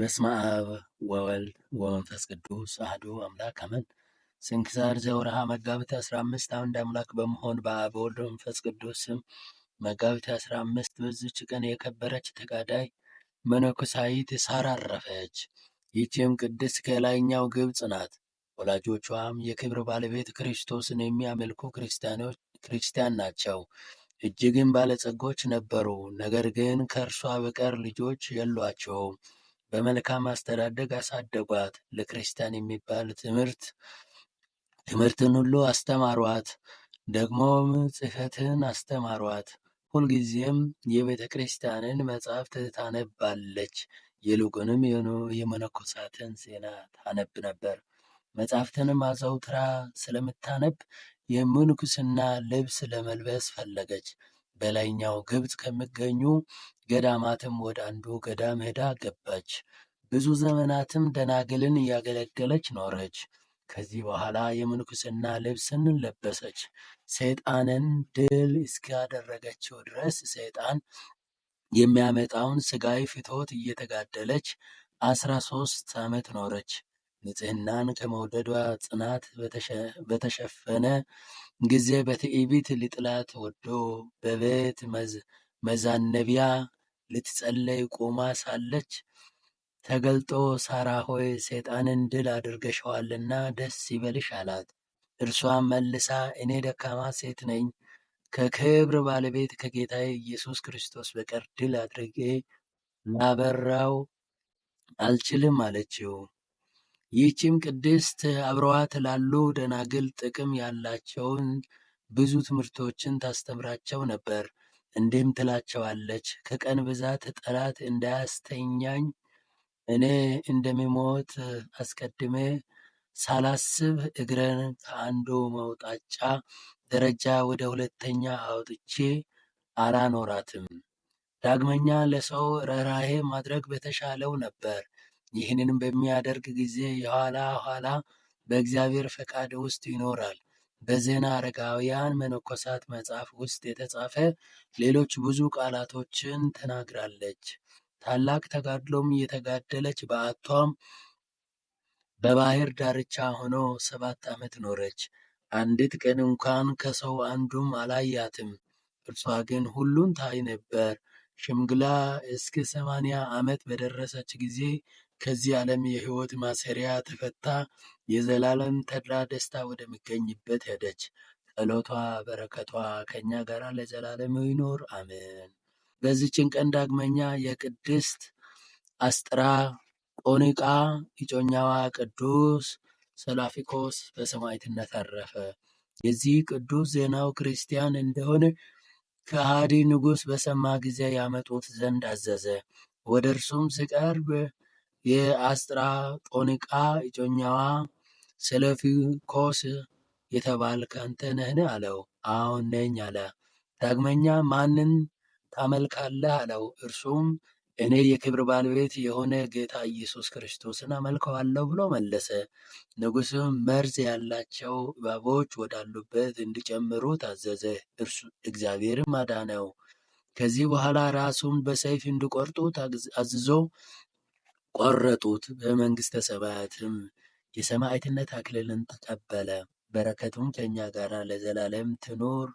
በስመ አብ ወወልድ ወመንፈስ ቅዱስ አሐዱ አምላክ አሜን። ስንክሳር ዘውረሃ መጋቢት 15 አንድ አምላክ በመሆን በአብ ወልድ መንፈስ ቅዱስ ስም መጋቢት 15 በዚች ቀን የከበረች ተጋዳይ መነኮሳይት ሳራ አረፈች። ይህችም ቅድስት ከላይኛው ግብፅ ናት። ወላጆቿም የክብር ባለቤት ክርስቶስን የሚያመልኩ ክርስቲያን ናቸው። እጅግም ባለጸጎች ነበሩ። ነገር ግን ከእርሷ በቀር ልጆች የሏቸውም። በመልካም አስተዳደግ አሳደጓት። ለክርስቲያን የሚባል ትምህርት ትምህርትን ሁሉ አስተማሯት። ደግሞም ጽሕፈትን አስተማሯት። ሁልጊዜም የቤተ ክርስቲያንን መጽሐፍት ታነባለች። ይልቁንም የመነኮሳትን ዜና ታነብ ነበር። መጻሕፍትንም አዘውትራ ስለምታነብ የምንኩስና ልብስ ለመልበስ ፈለገች። በላይኛው ግብጽ ከሚገኙ ገዳማትም ወደ አንዱ ገዳም ሄዳ ገባች። ብዙ ዘመናትም ደናግልን እያገለገለች ኖረች። ከዚህ በኋላ የምንኩስና ልብስን ለበሰች። ሰይጣንን ድል እስካደረገችው ድረስ ሰይጣን የሚያመጣውን ሥጋዊ ፍትወት እየተጋደለች አስራ ሶስት ዓመት ኖረች። ንጽህናን ከመውደዷ ጽናት በተሸፈነ ጊዜ በትዕቢት ሊጥላት ወዶ በቤት መዛነቢያ ልትጸለይ ቆማ ሳለች ተገልጦ ሳራ ሆይ ሰይጣንን ድል አድርገሸዋልና ደስ ይበልሽ አላት። እርሷም መልሳ እኔ ደካማ ሴት ነኝ፣ ከክብር ባለቤት ከጌታዬ ኢየሱስ ክርስቶስ በቀር ድል አድርጌ ላበራው አልችልም አለችው። ይህችም ቅድስት አብረዋት ላሉ ደናግል ጥቅም ያላቸውን ብዙ ትምህርቶችን ታስተምራቸው ነበር። እንዲህም ትላቸዋለች፣ ከቀን ብዛት ጠላት እንዳያስተኛኝ እኔ እንደሚሞት አስቀድሜ ሳላስብ እግረን ከአንዱ መውጣጫ ደረጃ ወደ ሁለተኛ አውጥቼ አላኖራትም። ዳግመኛ ለሰው ረራሄ ማድረግ በተሻለው ነበር። ይህንንም በሚያደርግ ጊዜ የኋላ ኋላ በእግዚአብሔር ፈቃድ ውስጥ ይኖራል። በዜና አረጋውያን መነኮሳት መጽሐፍ ውስጥ የተጻፈ ሌሎች ብዙ ቃላቶችን ተናግራለች። ታላቅ ተጋድሎም እየተጋደለች በአቷም በባህር ዳርቻ ሆኖ ሰባት ዓመት ኖረች። አንዲት ቀን እንኳን ከሰው አንዱም አላያትም። እርሷ ግን ሁሉን ታይ ነበር። ሽምግላ እስከ ሰማንያ ዓመት በደረሰች ጊዜ ከዚህ ዓለም የሕይወት ማሰሪያ ተፈታ የዘላለም ተድላ ደስታ ወደሚገኝበት ሄደች። ጸሎቷ በረከቷ ከእኛ ጋር ለዘላለም ይኖር አሜን። በዚችን ቀን ዳግመኛ የቅድስት አስጥራቆኒቃ እጮኛዋ ቅዱስ ሰላፊኮስ በሰማዕትነት አረፈ። የዚህ ቅዱስ ዜናው ክርስቲያን እንደሆነ ከሃዲ ንጉሥ በሰማ ጊዜ ያመጡት ዘንድ አዘዘ። ወደ እርሱም ሲቀርብ የአስጠራጦኒቃ እጮኛዋ ሰልፍኮስ የተባልህ አንተ ነህን አለው። አዎን ነኝ አለ። ዳግመኛ ማንን ታመልካለህ አለው። እርሱም እኔ የክብር ባለቤት የሆነ ጌታ ኢየሱስ ክርስቶስን አመልከዋለሁ ብሎ መለሰ። ንጉሥም መርዝ ያላቸው እባቦች ወዳሉበት እንዲጨምሩ ታዘዘ። እርሱ እግዚአብሔርም አዳነው። ከዚህ በኋላ ራሱን በሰይፍ እንዲቆርጡ አዝዞ ቆረጡት። በመንግስተ ሰማያትም የሰማዕትነት አክሊልን ተቀበለ። በረከቱም ከኛ ጋር ለዘላለም ትኖር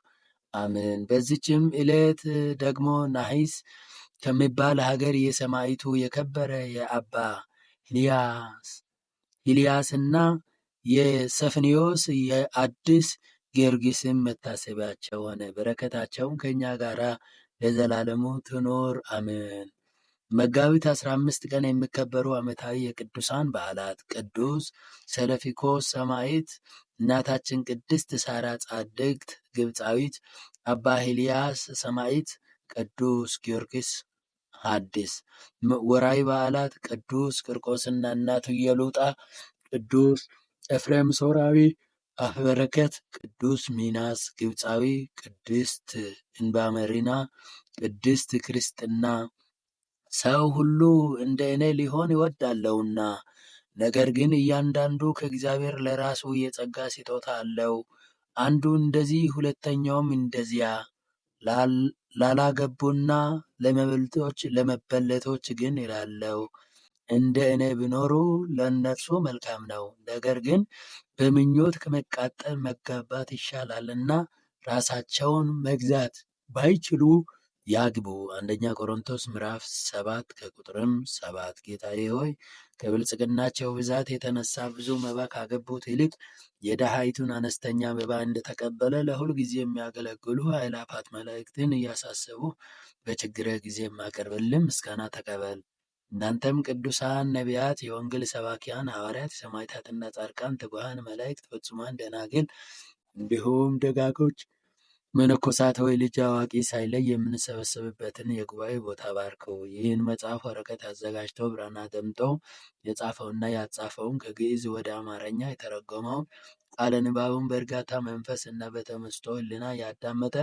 አምን በዚችም ዕለት ደግሞ ናሂስ ከሚባል ሀገር የሰማዕቱ የከበረ የአባ ሂልያስና የሰፍኒዮስ የአዲስ ጊዮርጊስም መታሰቢያቸው ሆነ። በረከታቸውም ከኛ ጋራ ለዘላለሙ ትኖር አምን መጋቢት 15 ቀን የሚከበሩ ዓመታዊ የቅዱሳን በዓላት ቅዱስ ሰለፊኮስ ሰማዕት፣ እናታችን ቅድስት ሳራ ጻድቅት ግብፃዊት፣ አባ ሕልያስ ሰማዕት፣ ቅዱስ ጊዮርጊስ ሐዲስ። ወራዊ በዓላት ቅዱስ ቂርቆስና እናቱ ኢየሉጣ፣ ቅዱስ ኤፍሬም ሶራዊ አፈ ቅዱስ ሚናስ ግብፃዊ፣ ቅድስት እንባመሪና፣ ቅድስት ክርስትና ሰው ሁሉ እንደ እኔ ሊሆን ይወዳለውና ነገር ግን እያንዳንዱ ከእግዚአብሔር ለራሱ የጸጋ ስጦታ አለው፣ አንዱ እንደዚህ ሁለተኛውም እንደዚያ። ላላገቡና ለመበልቶች ለመበለቶች ግን እላለሁ እንደ እኔ ቢኖሩ ለእነርሱ መልካም ነው። ነገር ግን በምኞት ከመቃጠል መጋባት ይሻላልና ራሳቸውን መግዛት ባይችሉ ያግቡ። አንደኛ ቆሮንቶስ ምዕራፍ ሰባት ከቁጥርም ሰባት ጌታዬ ሆይ ከብልጽግናቸው ብዛት የተነሳ ብዙ መባ ካገቡት ይልቅ የደሃይቱን አነስተኛ መባ እንደተቀበለ ለሁል ጊዜ የሚያገለግሉ አእላፋት መላእክትን እያሳሰቡ በችግረ ጊዜ የማቀርብልን ምስጋና ተቀበል። እናንተም ቅዱሳን ነቢያት፣ የወንጌል ሰባኪያን ሐዋርያት፣ ሰማዕታትና ጻድቃን፣ ትጉሃን መላእክት፣ ፍጹማን ደናግል እንዲሁም ደጋጎች መነኮሳት ወይ ልጅ አዋቂ ሳይለይ የምንሰበሰብበትን የጉባኤ ቦታ ባርከው! ይህን መጽሐፍ ወረቀት አዘጋጅተው ብራና ደምጠው የጻፈውና ያጻፈውን ከግዕዝ ወደ አማርኛ የተረጎመው ቃለ ንባቡን በእርጋታ መንፈስ እና በተመስጦ ሕሊና ያዳመጠ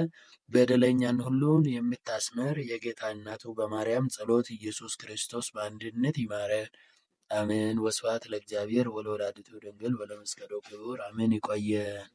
በደለኛን ሁሉን የምታስምር የጌታ እናቱ በማርያም ጸሎት ኢየሱስ ክርስቶስ በአንድነት ይማረን። አሜን። ወስብሐት ለእግዚአብሔር ወለወላዲቱ ድንግል ወለመስቀሉ ክቡር አሜን። ይቆየን።